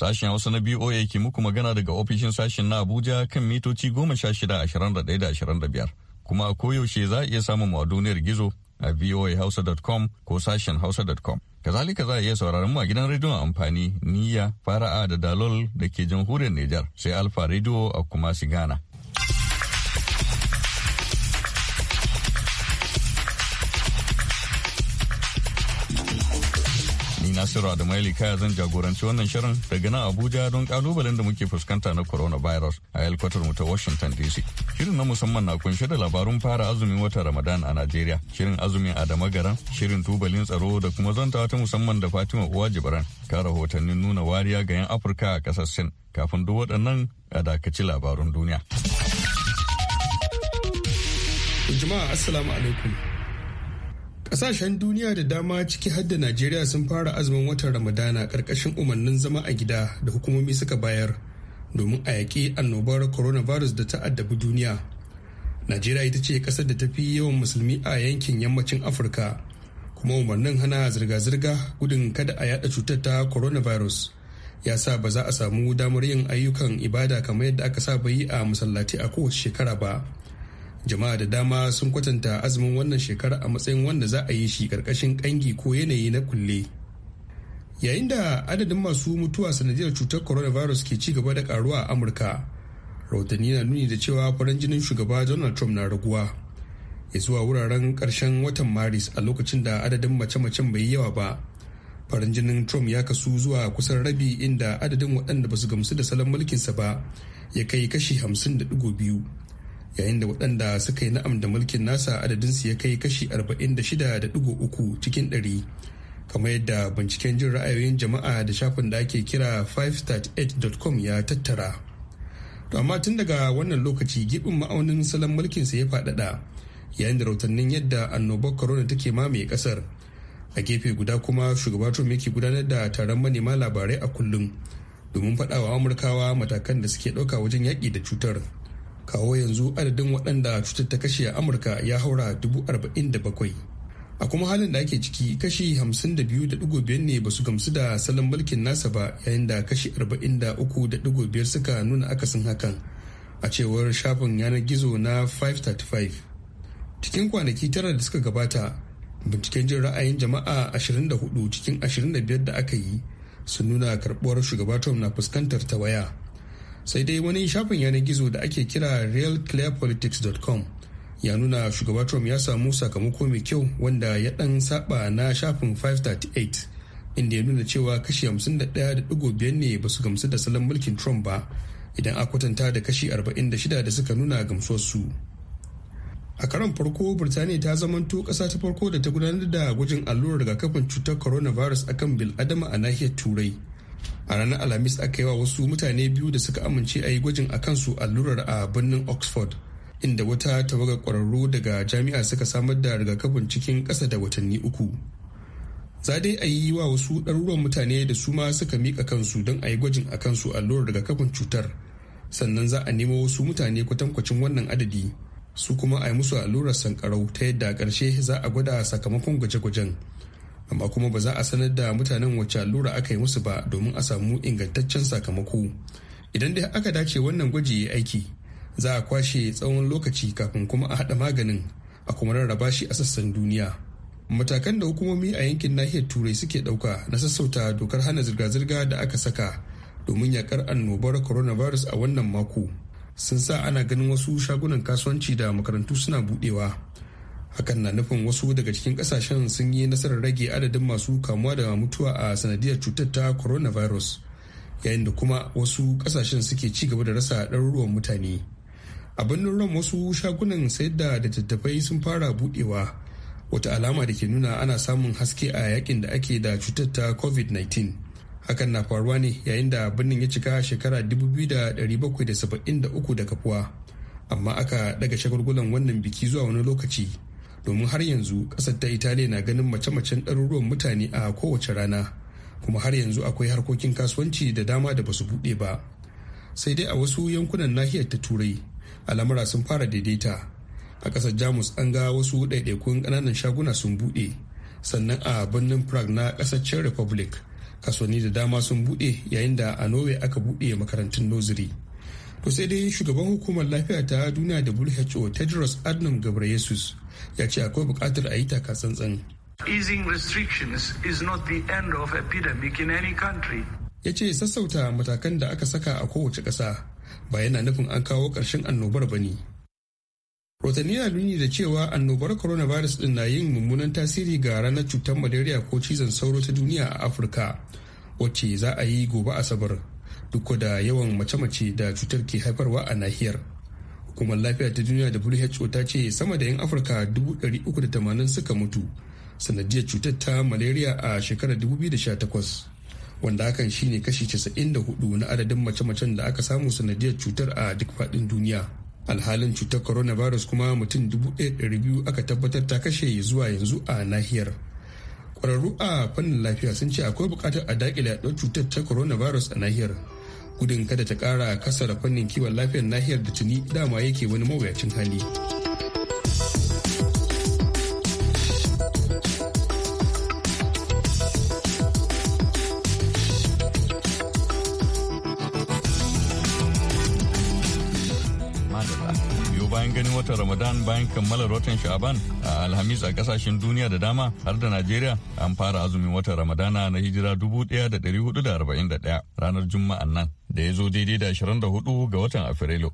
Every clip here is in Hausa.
Sashen Hausa na BOA ke muku magana daga ofishin sashen na Abuja kan mitoci goma sha shida ashirin da ɗaya da ashirin da biyar. Kuma a koyaushe za a iya samun mu a duniyar gizo a voahausa.com ko sashen hausa.com. Kazalika za a iya sauraron mu a gidan rediyon amfani niyya fara'a da dalol da ke jamhuriyar Nijar sai Alfa Radio a kuma Ghana. Nasiru Adamaili kaya zan jagoranci wannan shirin daga nan Abuja don kalubalen da muke fuskanta na coronavirus a yalkwatar mu ta Washington DC. Shirin na musamman na kunshe da labarun fara azumin watan Ramadan a Najeriya, shirin azumin Adama Garan, shirin tubalin tsaro da kuma zantawa ta musamman da Fatima Uwa Jibran, ka rahotannin nuna wariya ga 'yan Afirka a ƙasar Sin. Kafin duk waɗannan a dakaci labarun duniya. Jama'a Assalamu alaikum. kasashen duniya da dama ciki har Najeriya sun fara azumin watan Ramadana ƙarƙashin umarnin zama a gida da hukumomi suka bayar domin a yaƙi annobar coronavirus da ta addabi duniya. Najeriya ita ce ƙasar da ta fi yawan musulmi a yankin yammacin Afirka kuma umarnin hana zirga-zirga gudun kada a yada cutar ta coronavirus ya sa ba za a samu damar yin ayyukan ibada kamar yadda aka saba yi a masallaci a kowace shekara ba. jama'a da dama sun kwatanta azumin wannan shekara a matsayin wanda za a yi shi karkashin kangi ko yanayi na kulle yayin da adadin masu mutuwa sanadiyar cutar coronavirus ke ci gaba da karuwa a amurka rahotanni na nuni da cewa farin jinin shugaba donald trump na raguwa ya zuwa wuraren karshen watan maris a lokacin da adadin mace-macen bai yi yawa ba farin jinin trump ya kasu zuwa kusan rabi inda adadin waɗanda ba su gamsu da salon mulkinsa ba ya kai kashi hamsin biyu. yayin da waɗanda suka yi na'am da mulkin nasa adadinsu ya kai kashi 46.3 cikin 100 kamar yadda binciken jin ra'ayoyin jama'a da shafin da ake kira 538.com ya tattara to amma tun daga wannan lokaci gibin ma'aunin salon mulkin sa ya faɗaɗa yayin da rautannin yadda annobar corona take mamaye kasar a gefe guda kuma shugaba trump yake gudanar da taron manema labarai a kullum domin faɗawa amurkawa matakan da suke ɗauka wajen yaƙi da cutar kawo yanzu adadin waɗanda cutar ta kashe a amurka ya haura dubu arba'in da bakwai a kuma halin da ake ciki kashi hamsin da digo biyar ne ba su gamsu da salon mulkin nasa ba yayin da kashi arba'in da uku digo biyar suka nuna akasin hakan a cewar shafin yanar gizo na 535 cikin kwanaki tara da suka gabata binciken jin ra'ayin jama'a 24 cikin 25 da aka yi sun nuna karbuwar shugaba na fuskantar ta waya sai dai wani shafin yanar gizo da ake kira realclearpolitics.com ya nuna shugaba trump ya samu sakamako mai kyau wanda ya dan saba na shafin 538 inda ya nuna cewa kashi 51.5 ne ba su gamsu da salon mulkin trump ba idan a kwatanta da kashi 46 da suka nuna gamsuwarsu a karon farko birtaniya ta zamanto kasa ta farko da ta gudanar da gwajin allurar rigakafin cutar coronavirus akan bil'adama a nahiyar turai a ranar alhamis aka yi wa wasu mutane biyu da suka amince a yi gwajin a kansu allurar a birnin oxford inda wata tawaga kwararru daga jami'a suka samar da rigakafin cikin kasa da watanni uku za dai a yi wa wasu ɗaruruwan mutane da su ma suka miƙa kansu don a yi gwajin a kansu allurar rigakafin cutar sannan za a nemo wasu mutane kwatankwacin wannan adadi su kuma a yi musu allurar sankarau ta yadda a ƙarshe za a gwada sakamakon gwaje-gwajen amma kuma ba za a sanar da mutanen wacce allura aka yi musu ba domin a samu ingantaccen sakamako idan dai aka dace wannan gwaji ya aiki za a kwashe tsawon lokaci kafin kuma a haɗa maganin a kuma rarraba shi a sassan duniya matakan da hukumomi a yankin nahiyar turai suke ɗauka na sassauta dokar hana zirga-zirga da aka saka domin yakar annobar coronavirus a wannan mako sun sa ana ganin wasu shagunan kasuwanci da makarantu suna budewa hakan na nufin wasu daga cikin kasashen sun yi nasarar rage adadin masu kamuwa da mutuwa a sanadiyar cutar ta coronavirus yayin da kuma wasu kasashen suke ci gaba da rasa ɗaruruwan mutane a birnin ran wasu shagunan sayar da littattafai sun fara budewa wata alama da ke nuna ana samun haske a yakin da ake da cutar ta covid-19 hakan na faruwa ne yayin da birnin ya cika shekara 2773 da kafuwa amma aka daga shagulgulan wannan biki zuwa wani lokaci domin har yanzu ƙasar ta italiya na ganin mace-macen ɗaruruwan mutane a kowace rana kuma har yanzu akwai harkokin kasuwanci da dama da basu buɗe ba sai dai a wasu yankunan nahiyar ta turai al'amura sun fara daidaita a ƙasar jamus an ga wasu ɗaiɗaikun ƙananan shaguna sun buɗe sannan a birnin prague na ƙasar republic kasuwanni da dama sun buɗe yayin da a norway aka buɗe makarantun nursery. to sai dai shugaban hukumar lafiya ta duniya who tedros adnan ghebreyesus ya ce akwai bukatar a yi taka tsantsan. Easing restrictions is not the end of epidemic in any country. Ya ce sassauta matakan da aka saka a kowace ƙasa ba yana nufin an kawo ƙarshen annobar ba ne. Rotani na nuni da cewa annobar coronavirus din na yin mummunan tasiri ga ranar cutar malaria ko cizon sauro ta duniya a Afirka, wacce za a yi gobe Asabar, duk da yawan mace-mace da cutar ke haifarwa a nahiyar. hukumar lafiya ta duniya who ta ce sama da 'yan afirka 380 suka mutu sanadiyar cutar ta malaria a shekarar 2018 wanda hakan shine kashi 94 na adadin mace-macen da aka samu sanadiyar cutar a duk faɗin duniya alhalin cutar coronavirus kuma mutum 1,200 aka tabbatar ta kashe zuwa yanzu a nahiyar kwararru a fannin lafiya sun ce akwai bukatar a dakile yaɗuwar cutar ta coronavirus a nahiyar gudun kada ta kara da fannin kiwon lafiyar nahiyar da tuni dama yake wani mawuyacin hali. ramadan bayan kammalar watan sha'aban a alhamis a kasashen duniya da dama har da najeriya an fara azumin watan ramadana na hijira 1441 ranar juma'a nan da ya zo daidai da 24 ga watan afrilu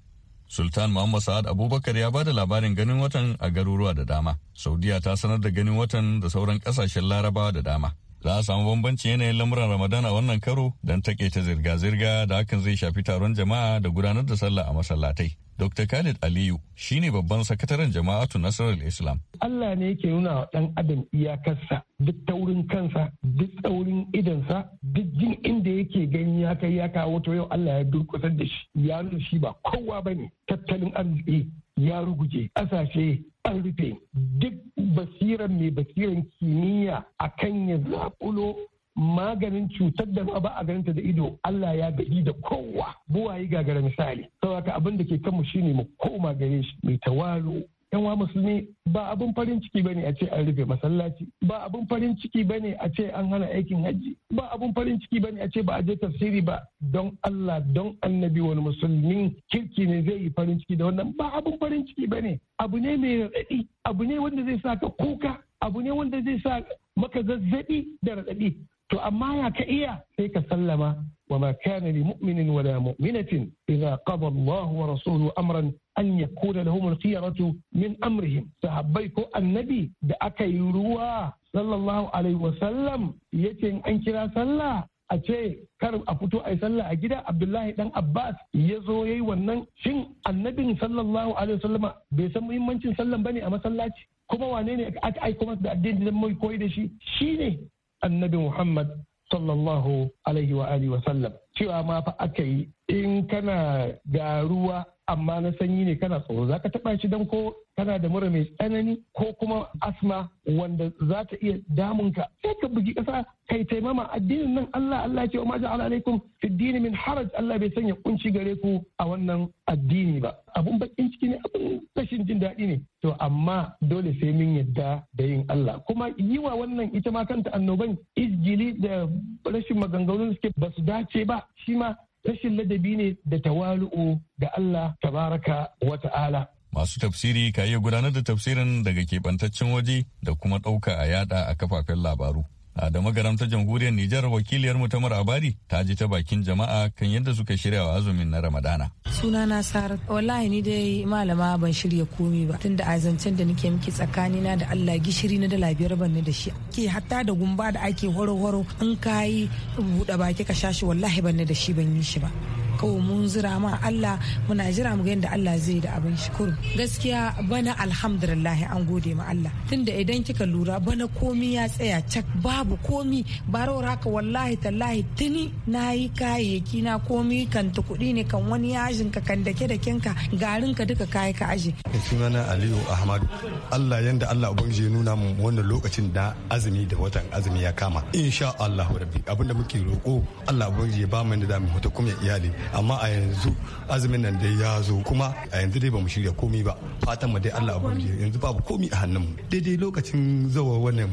sultan muhammad sa'ad abubakar ya bada labarin ganin watan a garuruwa da dama saudiya ta sanar da ganin watan da sauran kasashen larabawa da dama za a samu bambancin yanayin lamuran ramadana wannan karo don take ta zirga-zirga da hakan zai shafi taron jama'a da gudanar da sallah a masallatai Dr. Khalid Aliyu shine babban sakataren jama'atu Nasarar Islam. Allah ne yake nuna wa ɗan adam iyakarsa duk taurin kansa, duk taurin idansa, duk jin inda yake gani ya kai ya kawo to yau Allah ya durkusar da shi. Ya shi ba kowa ba ne, tattalin arziki ya ruguje ƙasashe an rufe duk basiran mai basiran kimiyya akan ya zaƙulo maganin cutar da ba a ganinta da ido Allah ya gaji da kowa buwaye gagara misali saboda abin da ke kanmu shine mu koma gare shi mai tawalo. yanwa musulmi ba abin farin ciki bane a ce an rufe masallaci ba abin farin ciki bane a ce an hana aikin hajji ba abin farin ciki bane a ce ba a je tafsiri ba don Allah don annabi wani musulmin kirki ne zai yi farin ciki da wannan ba abin farin ciki bane abu ne mai raɗaɗi abu ne wanda zai sa ka kuka abu ne wanda zai sa maka zazzaɓi da raɗaɗi to amma ya ka iya sai ka sallama wa ma kana li mu'minin wa la mu'minatin idza qada Allah wa rasuluhu amran an yakuna lahum al-khiyaratu min amrihim sahabbai ko annabi da aka yi ruwa sallallahu alaihi wa sallam yace an kira sallah a ce kar a fito a yi sallah a gida abdullahi dan abbas ya zo ya yi wannan shin annabin sallallahu alaihi wasallama bai san muhimmancin sallan bane a masallaci kuma wane ne aka aiko masa da addinin dan mai koyi da shi shine annabi Muhammad sallallahu alaihi wa alihi wa sallam cewa ma fa aka yi in kana garuwa amma na sanyi ne kana tsoro za ka taɓa shi don ko kana da mura mai tsanani ko kuma asma wanda za ta iya damunka sai ka bugi kasa kai taimama addinin nan Allah Allah ce wa ma ja'ala alaikum fiddini min haraj Allah bai sanya kunci gare ku a wannan addini ba abun bakin ciki ne abun rashin jin daɗi ne to amma dole sai mun yadda da yin Allah kuma yi wa wannan ita ma kanta annoban izgili da rashin maganganun suke ba su dace ba shi ma rashin ladabi ne da tawalu'u da Allah tabaraka wa ta'ala masu tafsiri ka iya gudanar da tafsirin daga keɓantaccen waje da kuma ɗauka a yada a kafafen labaru a da magaramta jamhuriyar Nijar wakiliyar mu Tamar Abari ta ji ta bakin jama'a kan yadda suka shirya wa azumin na Ramadana. Sunana Sarat wallahi ni dai malama ban shirya komi ba tun da azancen da nake miki tsakani na da Allah gishiri na dala biyar ban da shi. Ke hatta da gumba da ake horo horo in kayi buɗe baki ka sha shi wallahi ban da shi ban yi shi ba. kawo mun zira ma Allah muna jira mu ga yadda Allah zai da abin shukuru gaskiya bana alhamdulillah an gode ma Allah tunda idan kika lura bana komi ya tsaya cak babu komi barawar haka wallahi tallahi tuni na yi kayayyaki na komi kan ta ne kan wani yajin ka kan dake da kinka garin ka duka kayi ka aje sunana Aliyu Ahmadu Allah yanda Allah ubangiji ya nuna mu wannan lokacin da azumi da watan azumi ya kama insha Allah rabbi abinda muke roko Allah ubangiji ya ba mu da mu huta kuma iyali amma a yanzu azumin nan dai ya zo kuma a yanzu dai bamu shirya komi ba fatan mu dai Allah abu yanzu babu komi a hannun mu daidai lokacin zawa wannan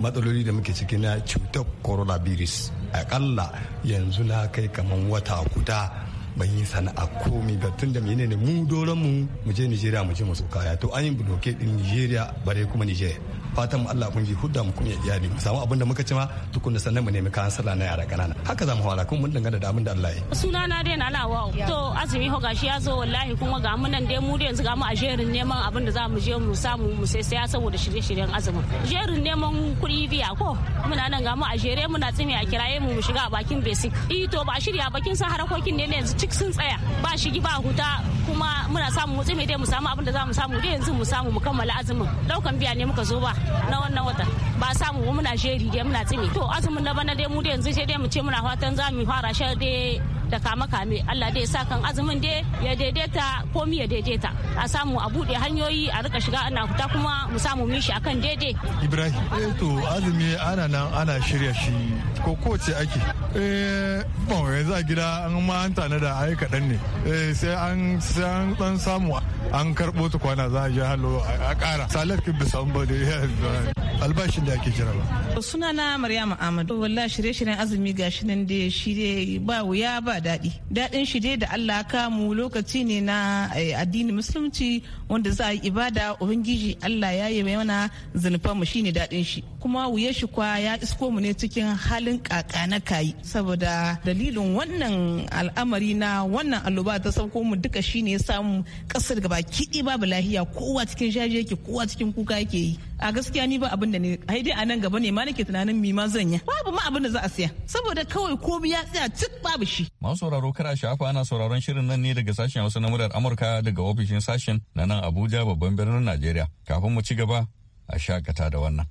matsaloli da muke ciki na cutar coronavirus akalla yanzu na kai kaman wata guda ban yi sana'a komi ba tun da ne mu doron mu mu je Nigeria mu je mu kaya to an yi bloke din Nigeria bare kuma Nigeria fatan mu Allah ji hudda mu kuma iyali mu samu abin da muka ci ma tukunna sannan mu nemi kayan sallah na yara kanana haka zamu fara kun mun dangana da abin da Allah ya sunana dai na lawa azumi ho gashi ya zo wallahi kuma ga mu nan dai mu da yanzu ga mu a jerin neman abin da za mu je mu samu mu sai saya saboda shirye-shiryen azumin jerin neman kuɗi biya ko muna nan ga mu a jere muna tsimi a kiraye mu mu shiga a bakin basic eh to ba shirya bakin sa harakokin ne yanzu cik sun tsaya ba shigi ba huta kuma muna samu mu tsimi dai mu samu abin da za mu samu dai yanzu mu samu mu kammala azumin daukan biya ne muka zo ba na wannan wata ba samu mu muna jeri dai muna tsimi to azumin na bana dai mu da yanzu sai dai mu ce muna fatan za mu fara sha dai da kame kame Allah dai sa kan azumin dai ya daidaita komi ya daidaita a samu a bude hanyoyi a rika shiga ana fita kuma mu samu mishi akan daidai Ibrahim eh to azumi ana nan ana shirya shi ko kowace ake eh bon yanzu a gida an ma an tana da ai kaɗan ne eh sai an sai an dan samu an karɓo ta kwana za a je halo a ƙara salar kin bisa an bade albashin da ake jira ba. suna na maryama ahmad wallahi shirye-shiryen azumi ga shi nan da shi ba wuya ba daɗi daɗin shi da allah kamu lokaci ne na eh, addini musulunci wanda za a yi ibada ubangiji allah ya yi mai mana zunufan mu shine daɗin shi kuma wuya shi kwa ya isko mu ne cikin halin kaka na kayi saboda dalilin wannan al'amari na wannan alloba ta sauko mu duka shine ya samu ƙasar gaba kiɗi babu lahiya kowa cikin shaji yake kowa cikin kuka yake yi a gaskiya ni ba abin da ne ai dai a nan gaba ne ma nake tunanin mi ma zan yi babu ma abin da za a siya saboda kawai komai ya tsaya cik babu shi masu sauraro kara shafa ana sauraron shirin nan ne daga sashen Hausa na murar Amurka daga ofishin sashen na nan Abuja babban birnin Najeriya kafin mu ci gaba a shakata da wannan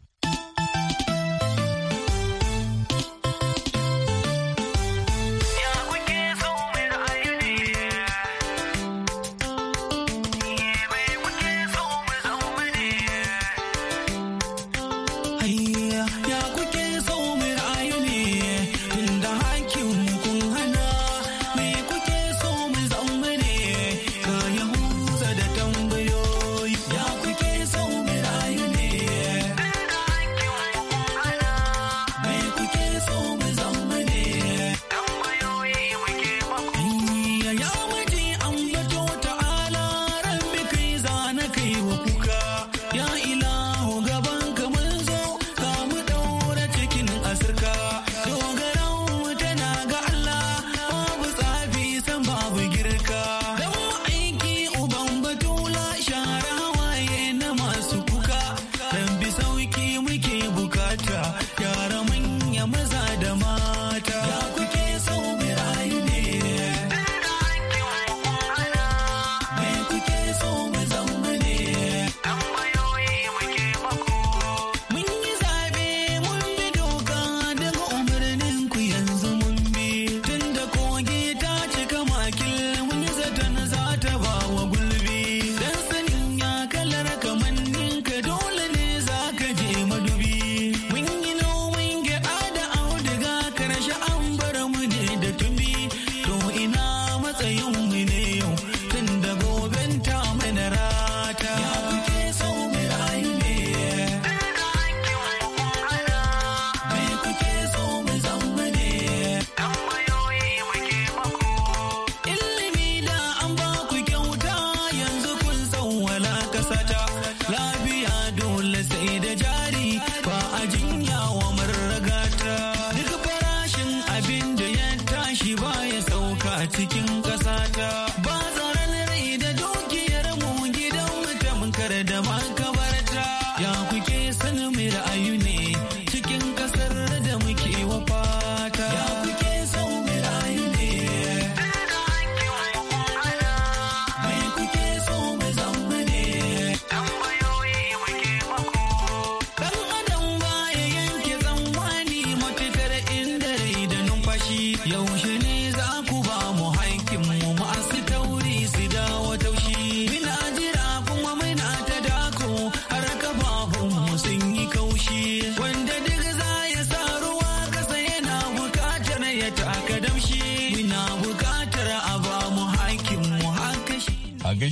Bye.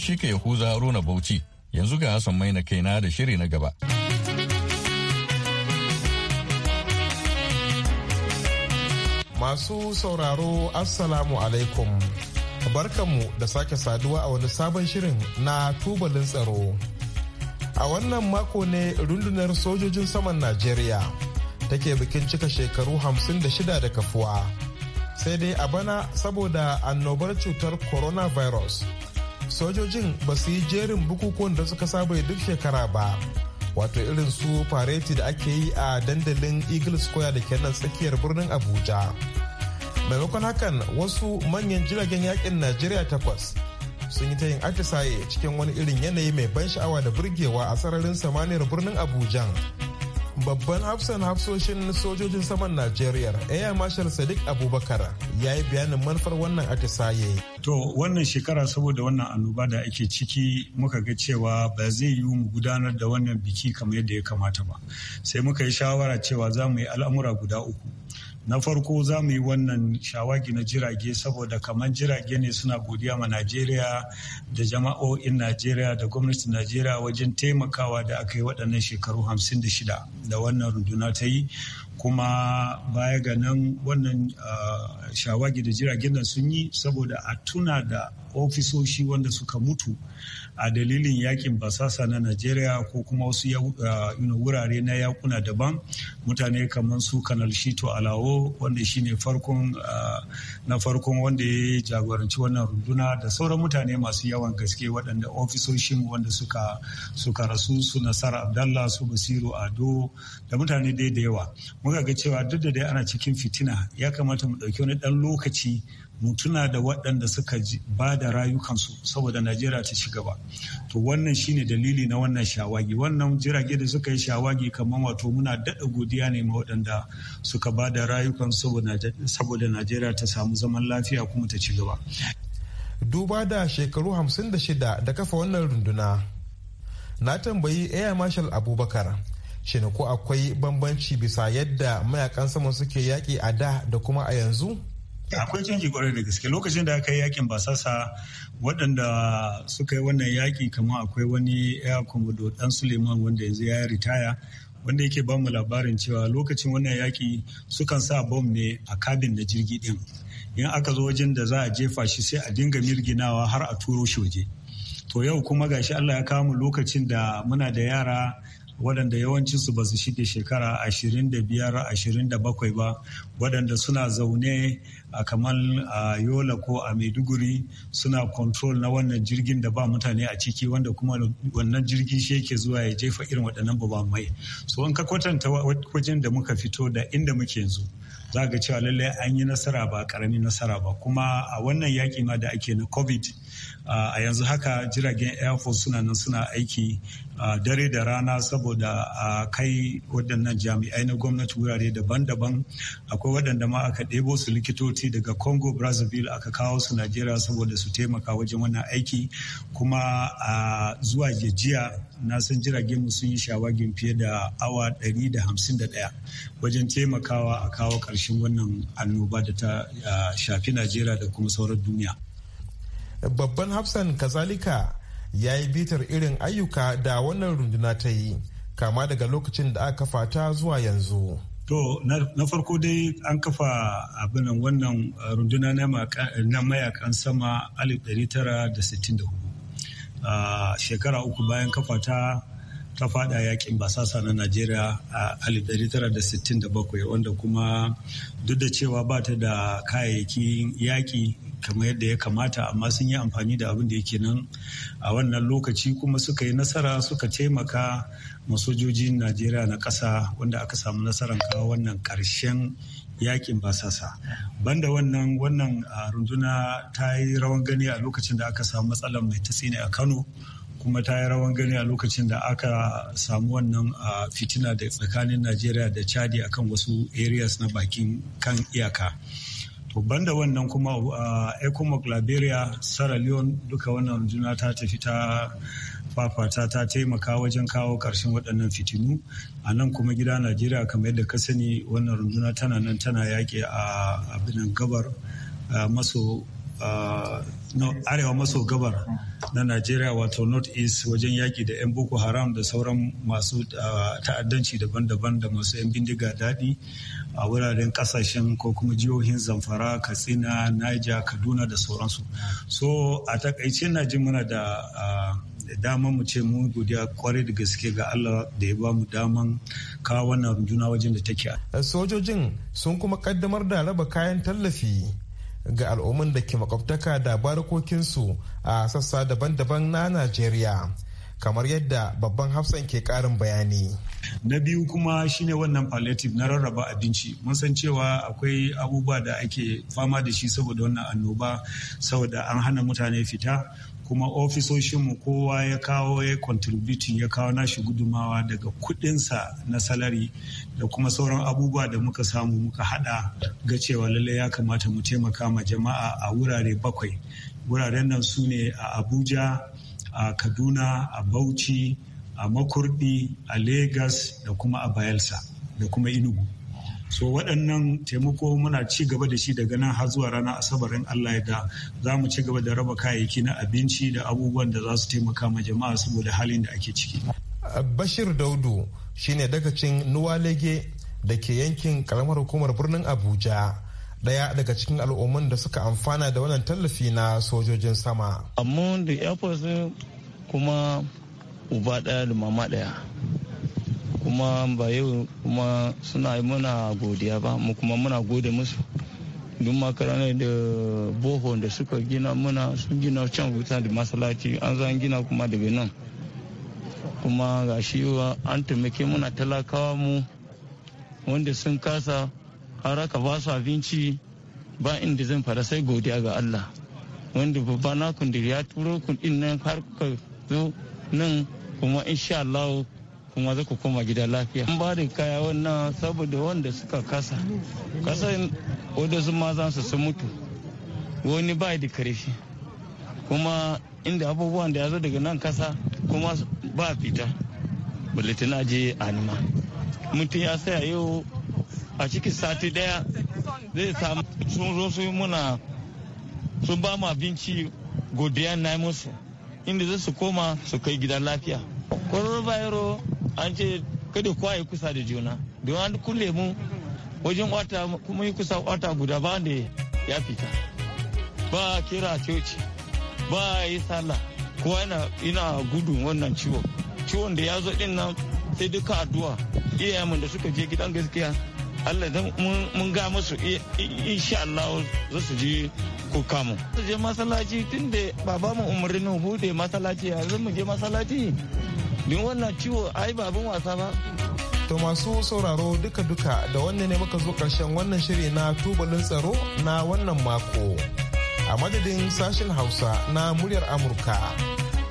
shi ka Yahuza Haruna Bauchi. Yanzu ga Hassan Maina kaina da shiri na gaba. Masu sauraro Assalamu alaikum. Barkanmu da sake saduwa a wani sabon shirin na tubalin tsaro. A wannan mako ne rundunar sojojin saman Najeriya take bikin cika shekaru 56 da kafuwa. Sai dai a bana saboda annobar cutar coronavirus. sojojin ba su yi jerin bukukuwan da suka saba duk shekara ba wato irin su fareti da ake yi a dandalin eagle square da ke nan tsakiyar birnin abuja maimakon hakan wasu manyan jiragen yakin najeriya takwas sun yi ta yin atisaye cikin wani irin yanayi mai ban sha'awa da burgewa a sararin samaniyar birnin abuja babban hafsan hafsoshin sojojin saman najeriya air marshal sadiq abubakar ya yi bayanin manufar wannan atisaye to wannan shekara saboda wannan annoba da ake ciki muka ga cewa ba zai yi mu gudanar da wannan biki kamar yadda ya kamata ba sai muka yi shawara cewa za mu yi al'amura guda uku na farko za mu yi wannan shawagi na jirage saboda kamar jirage ne suna godiya ma najeriya da jama'o'in najeriya da gwamnatin najeriya wajen taimakawa da aka yi waɗannan shekaru 56 da wannan runduna ta yi kuma baya ga nan wannan ah, shawagi da jiragen nan sun yi saboda a tuna da ofisoshi wanda suka mutu a dalilin yakin basasa na Najeriya ko kuma wasu uh, wurare na yakuna daban mutane kamar su kanal shito alawo wanda shine farkon uh, na farkon wanda ya jagoranci wannan runduna da sauran mutane masu yawan gaske waɗanda ofisoshin wanda suka suka rasu su nasara abdallah su basiru ado da mutane dai da yawa muka ga cewa duk da dai ana cikin fitina ya kamata mu ɗauki wani ɗan lokaci mu tuna da waɗanda suka ba da rayukansu saboda najeriya ta ci gaba to wannan shine dalili na wannan shawagi wannan jirage da suka yi shawagi kamar wato muna daɗa godiya ne ma waɗanda suka ba da rayukansu saboda najeriya ta samu zaman lafiya kuma ta ci gaba duba da shekaru 56 da kafa wannan runduna na tambayi air marshal abubakar shin ko akwai bambanci bisa yadda mayakan saman suke yaƙi a da da kuma a yanzu akwai canji kwarai da gaske lokacin da aka yi yakin basasa waɗanda suka yi wannan yaki kamar akwai wani ya komodo dan suleiman wanda yanzu ya ritaya wanda yake bamu labarin cewa lokacin wannan yaki sukan sa bom ne a kabin na jirgi din in aka zo wajen da za a jefa shi sai a dinga mirginawa har a turo shi waje to yau kuma gashi allah ya kawo mu lokacin da muna da yara waɗanda yawancinsu ba su shige shekara 25-27 ba waɗanda suna zaune a kamar a yola ko a maiduguri suna control na wannan jirgin da ba mutane a ciki wanda kuma wannan jirgin shi yake zuwa ya jefa irin waɗannan ba mai so in ka kwatanta wajen da muka fito da inda muke yanzu za ga cewa lallai an yi nasara ba ƙaramin nasara ba kuma a wannan yaƙi ma da ake na covid a yanzu haka jiragen air force suna nan suna aiki dare da rana saboda a kai waɗannan jami'ai na gwamnati wurare daban-daban akwai waɗanda ma aka ɗebo su likitoci daga congo brazzaville aka kawo su najeriya saboda su taimaka wajen wannan aiki kuma a zuwa jijiya na san jiragen mu sun yi shawagin fiye da awa da da hamsin 151 wajen taimakawa a kawo ƙarshen wannan annoba da ta shafi najeriya da kuma sauran duniya babban hafsan kazalika ya yi bitar irin ayyuka da wannan runduna ta yi kama daga lokacin da aka kafa ta zuwa yanzu To na farko dai an kafa abin wannan uh, runduna na mayakan sama 1964 uh, shekara uku bayan kafa ta ta fada yakin basasa na Najeriya a 1967 wanda kuma duk da cewa ba ta da kayayyakin yaki kamar yadda ya kamata amma sun yi amfani da abin da yake nan a wannan lokaci kuma suka yi nasara suka taimaka ma najeriya na ƙasa wanda aka samu nasarar kawo wannan ƙarshen yakin basasa banda wannan wannan runduna ta yi rawan gani a lokacin da aka samu matsalar mai ta ne a kano kuma ta yi rawan gani a lokacin da aka samu wannan fitina da tsakanin najeriya da chadi akan wasu areas na bakin kan iyaka to banda wannan kuma a ecomog liberia sierra leone duka wannan juna ta tafi ta fafata ta taimaka wajen kawo ƙarshen waɗannan fitinu a nan kuma gida najeriya kamar yadda ka sani wannan runduna tana nan tana yaƙi a abinan gabar maso arewa maso gabar na Najeriya wato North East wajen yaki da 'yan Boko Haram da sauran masu ta'addanci daban-daban da masu 'yan bindiga daɗi a wuraren kasashen ko kuma jihohin Zamfara, Katsina, Niger, Kaduna da sauransu. So a takaice na ji muna da dama mu ce mun godiya kwarai da gaske ga Allah da ya ba mu daman kawo wannan juna wajen da take. Sojojin sun kuma kaddamar da raba kayan tallafi ga al'ummar da ke makwabtaka da barkokinsu a sassa daban-daban na najeriya kamar yadda babban hafsan ke karin bayani na biyu kuma shine wannan palliative na rarraba abinci mun san cewa akwai abubuwa da ake fama da shi saboda wannan annoba saboda an hana mutane fita kuma ofisoshinmu kowa ya kawo ya contributing ya kawo nashi gudumawa daga kudinsa na salari da kuma sauran abubuwa da muka samu muka hada ga cewa lallai ya kamata mu taimaka ma jama'a a wurare bakwai wuraren nan su ne a abuja a kaduna a bauchi a makurdi a Legas da kuma a bayelsa da kuma inugu so waɗannan taimako muna ci gaba da shi daga nan har zuwa ranar asabarin allah ya za mu ci gaba da raba kayayyaki na abinci da abubuwan da za su taimaka ma jama'a saboda halin da ake ciki bashir daudu shine cin nuwalege da ke yankin karamar hukumar birnin abuja daya daga cikin al'umman da suka amfana da wannan tallafi na sojojin sama amma da kuma uba ɗaya da mama daya kuma ba yau kuma suna yi muna godiya ba mu kuma muna gode musu duk makarantar da boho da suka gina muna sun gina can wuta da masalaci an zan gina kuma da benin kuma ga shi an taimake muna talakawa mu wanda sun kasa har aka ba su abinci ba inda zan fara sai godiya ga allah wanda babba na kundiri ya turo kundin nan har ka zo nan kuma insha allah. kuma za ku koma gida lafiya an bada da kaya wannan saboda wanda suka kasa kasa wadda su mazan su mutu wani ba da karfi kuma inda abubuwan da ya zo daga nan kasa kuma ba fita bulletin aje anima mutum ya saya yau a cikin sati daya zai samu sun zo su muna sun ba mu abinci godiya na musu inda zai su koma su kai gidan lafiya coronavirus an ce kada kowa ya kusa da juna domin an kulle mu wajen wata kuma yi kusa wata guda ba da ya fita ba kira coci ba yi sallah kowa yana gudun wannan ciwo ciwon da ya zo din nan sai duka addu'a iyayen da suka je gidan gaskiya Allah dan mun ga musu insha Allah za su je ku kamu su je masallaci tunda babamu babamu umarni mu bude masallaci yanzu mu je masallaci Din wannan ciwo ai ba abin wasa ba. To masu sauraro duka-duka da wannan ne muka zo karshen wannan shiri na tubalin tsaro na wannan mako. A madadin sashen Hausa na muryar Amurka,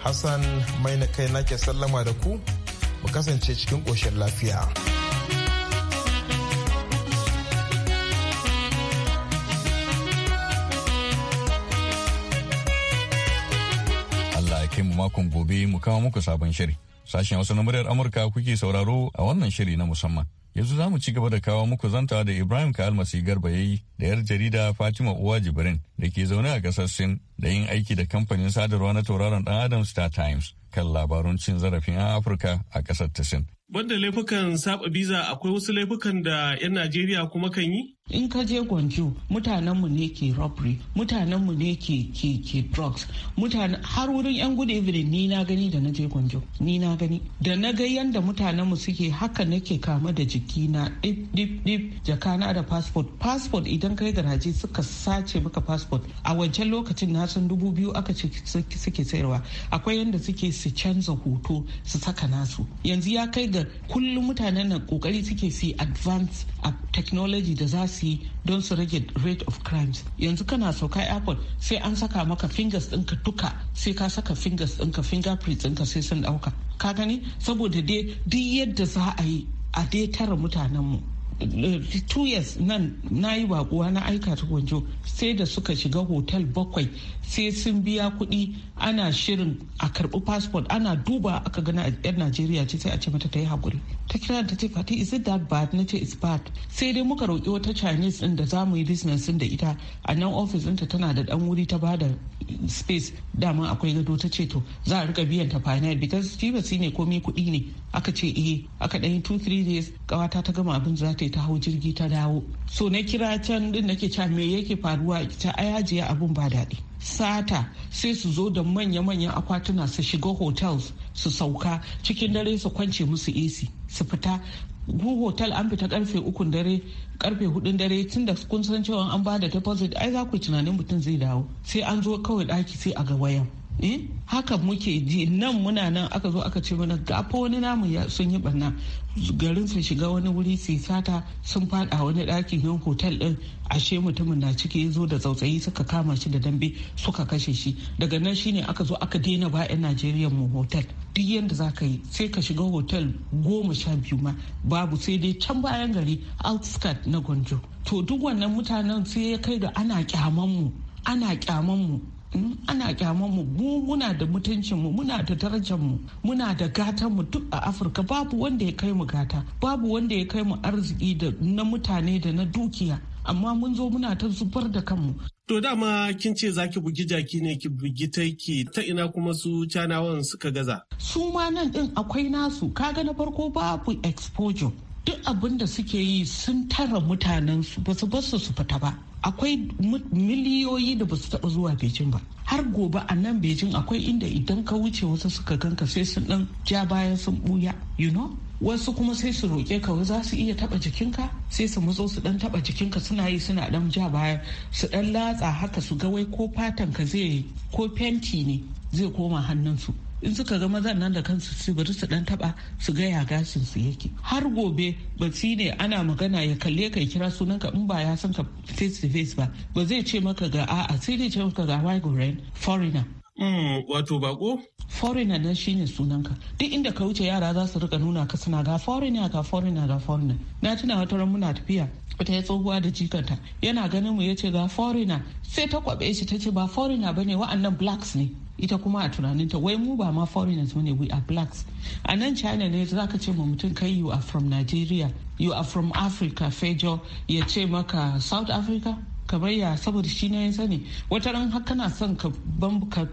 Hassan mai na kai nake sallama da ku, mu kasance cikin koshin lafiya. makon gobe mu kawo muku sabon shiri. Sashen wasu na muryar Amurka kuke sauraro a wannan shiri na musamman. Yanzu za mu ci gaba da kawo muku zantawa da Ibrahim Kalmasi Garba ya yi da yar jarida Fatima Uwa Jibrin da ke zaune a ƙasar Sin da yin aiki da kamfanin sadarwa na tauraron ɗan Adam Star Times kan labarun cin zarafin a Afirka a kasar ta Sin. Banda laifukan saba biza akwai wasu laifukan da 'yan Najeriya kuma kan yi? in ka je gwanjo mutanenmu ne ke robbery mutanenmu ne ke ke drugs mutane har wurin yan gudu evidence ni na gani da na je gwanjo ni na gani da na ga yanda mutanenmu suke haka nake kama da jiki na dip dip dip jakana da passport passport idan kai garaje suka sace maka passport a wancan lokacin na san dubu biyu aka ce suke sayarwa akwai yanda suke su canza hoto su saka nasu yanzu ya kai ga kullum mutanen nan kokari suke su advance a technology da za su su don su rage rate of crimes yanzu kana sauka airport sai an saka maka fingers ɗinka duka sai ka saka fingers ɗinka fingerprint ɗinka sai sun ɗauka ka gani saboda dai duk yadda za a yi a dai tara mutanenmu two nan na yi bakuwa na aika ta gwanjo sai da suka shiga hotel bakwai sai sun biya kuɗi ana shirin a karɓi passport ana duba aka gana a yan najeriya ce sai a ce mata ta yi haƙuri ta kira da ce fati is it that bad na ce is bad sai dai muka roƙi wata chinese ɗin da za mu yi business da ita a nan office ɗinta tana da ɗan wuri ta bada space dama akwai gado ta ce to za a rika biyan ta final because jibasi shine komai kuɗi ne aka ce eh aka ɗanyi 2-3 days kawata ta gama abin za ta yi ta hau jirgi ta dawo so na kira can din nake cewa me yake faruwa ta ayajiya abun ba daɗi sata sai su zo da manya-manyan akwatuna su shiga hotels su sauka cikin dare su kwance musu ac su fita mu hotel an fita karfe ukun dare karfe hudun dare tun da kun san cewa an ba da deposit ai za ku tunanin mutum zai dawo sai an zo kawai daki sai a ga wayan Eh, haka muke ji nan muna nan aka zo aka ce mana gafa wani namu sun yi barna garin su shiga wani wuri su sata sun fada wani ɗakin yan hotel ɗin ashe mutumin na ciki ya zo da tsautsayi suka kama shi da dambe suka kashe shi daga nan shine aka zo aka daina ba 'yan najeriya mu hotel duk yadda za ka yi sai ka shiga hotel goma sha biyu ma babu sai dai can bayan gari outskirt na gonjo to duk wannan mutanen sai ya kai da ana kyaman ana kyaman mu ana kyaman mu mu muna da mutuncin mu muna da darajar mu muna da gatan mu duk a afirka babu wanda ya kai mu gata babu wanda ya kai mu arziki da na mutane da na dukiya amma mun zo muna ta zubar da kanmu to dama kin ce zaki bugi jaki ne ki bugi taiki ta ina kuma su canawan suka gaza su ma nan din akwai nasu kaga na farko babu exposure duk abin da suke yi sun tara mutanen su ba su basu su fita ba akwai miliyoyi da ba su taɓa zuwa bejin ba har gobe a nan bejin akwai inda idan ka wuce wasu suka ganka sai sun dan ja bayan sun buya you know wasu kuma sai su roƙe ka za su iya taba jikinka sai su matso su dan taba jikinka suna yi suna dan ja baya su dan latsa haka su ga wai ko fatan ka zai ko fenti ne zai koma hannun su. in suka ga mazan nan da kansu su bari su dan taba su ga ya gashin su yake har gobe batsi ne ana magana ya kalle ka kira sunanka in ba ya san ka face to face ba ba zai ce maka ga a'a sai dai ce maka ga rain foreigner hmm, wato bako? Foreigner na shine sunanka. Duk inda ka wuce yara za su rika nuna ka suna ga foreigner ga foreigner ga foreigner. Na tuna wata ran muna tafiya ita ya tsohuwa da jikanta yana ganin mu ya ce ga foreigner sai ta kwabe shi ta ce ba foreigner bane wa'annan blacks ne ita kuma a tunaninta wai mu ba ma foreigners bane we are blacks a nan china ne za ka ce ma mutum kai you are from nigeria you are from africa fejo ya ce maka south africa kamar ya saboda shi na yin sani wata ran har kana son ka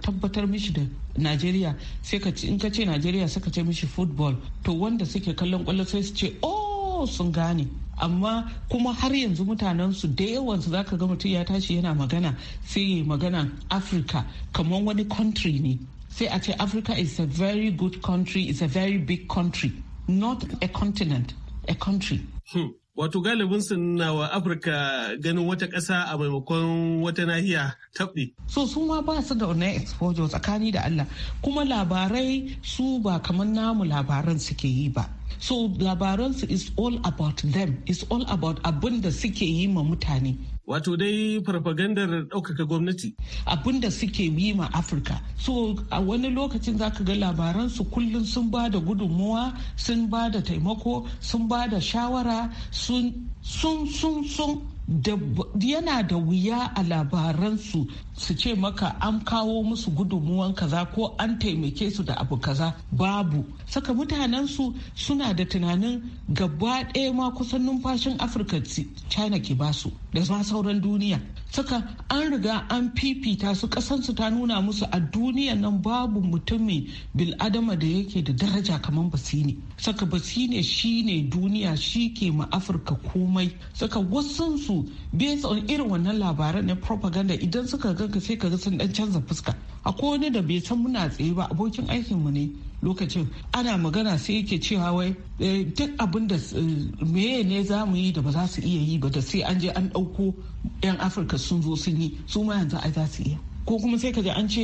tabbatar mishi da nigeria sai ka in ka ce nigeria suka ce mishi football to wanda suke kallon kwallo sai su ce oh sun gane amma kuma har yanzu mutanen su da yawan su zaka ga mutum ya tashi yana magana sai ya magana afirka kamar wani country ne sai a ce africa is a very good country is a very big country not a continent a country hmm. wato galibin na wa afirka ganin wata ƙasa a maimakon wata nahiya taɓi. so su ma ba su da wannan exposure tsakani da allah kuma labarai su ba kamar namu labaran suke yi ba so labaransu is all about them is all about abin da suke yi ma mutane wato dai farfagandar ɗaukaka gwamnati abin da suke yi ma afirka so a wani lokacin zaka ga labaransu kullum sun ba da gudunmuwa sun ba da taimako sun ba da shawara sun sun sun sun yana da wuya a labaransu su ce maka an kawo musu gudunmuwan kaza ko an taimake su da abu kaza babu saka mutanensu suna da tunanin gaba ɗaya ma kusan numfashin afirka china ke basu da sauran duniya saka an riga an fifita su kasansu ta nuna musu a duniya nan babu mutumin bil'adama da yake da daraja kamar basine saka basine shine duniya shi ke ma afirka komai saka wasansu based on irin wannan labaran na propaganda idan suka ganka sai ka ga sun dan canza fuska akwai wani da bai san muna tsaye ba abokin aikinmu ne lokacin ana magana sai yake cewa wai eh, duk abin da eh, meye ne za mu yi da ba za su iya yi ba da sai an je an ɗauko 'yan afirka sun zo sun yi su ma yanzu ai za su iya ko kuma sai ka ji an ce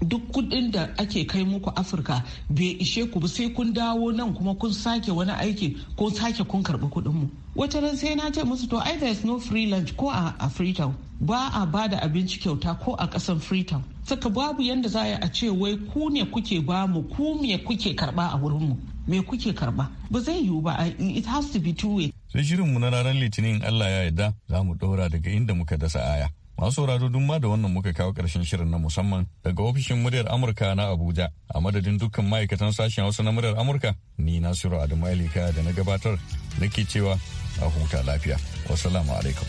duk kudin da ake kai muku afirka bai ishe ku ba sai kun dawo nan kuma kun sake wani aiki ko sake kun karbi kudin mu wata ran sai na ce musu to ai there is no free lunch ko a, a freetown ba a ba da abinci kyauta ko a kasan freetown saka babu yanda za a ce wai ku ne kuke ba mu ku me kuke karba a wurin mu me kuke karba ba zai yiwu ba it has to be two way sai shirinmu na ranar litinin allah ya yarda za mu ɗora daga inda muka dasa aya Masu sauraro duk ma da wannan muka kawo ƙarshen shirin na musamman daga ofishin muryar Amurka na Abuja a madadin dukkan ma'aikatan sashen Hausa na muryar Amurka ni Nasiru Adamu Alika da na gabatar nake cewa a huta lafiya. Wassalamu alaikum.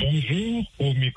Bonjour au micro.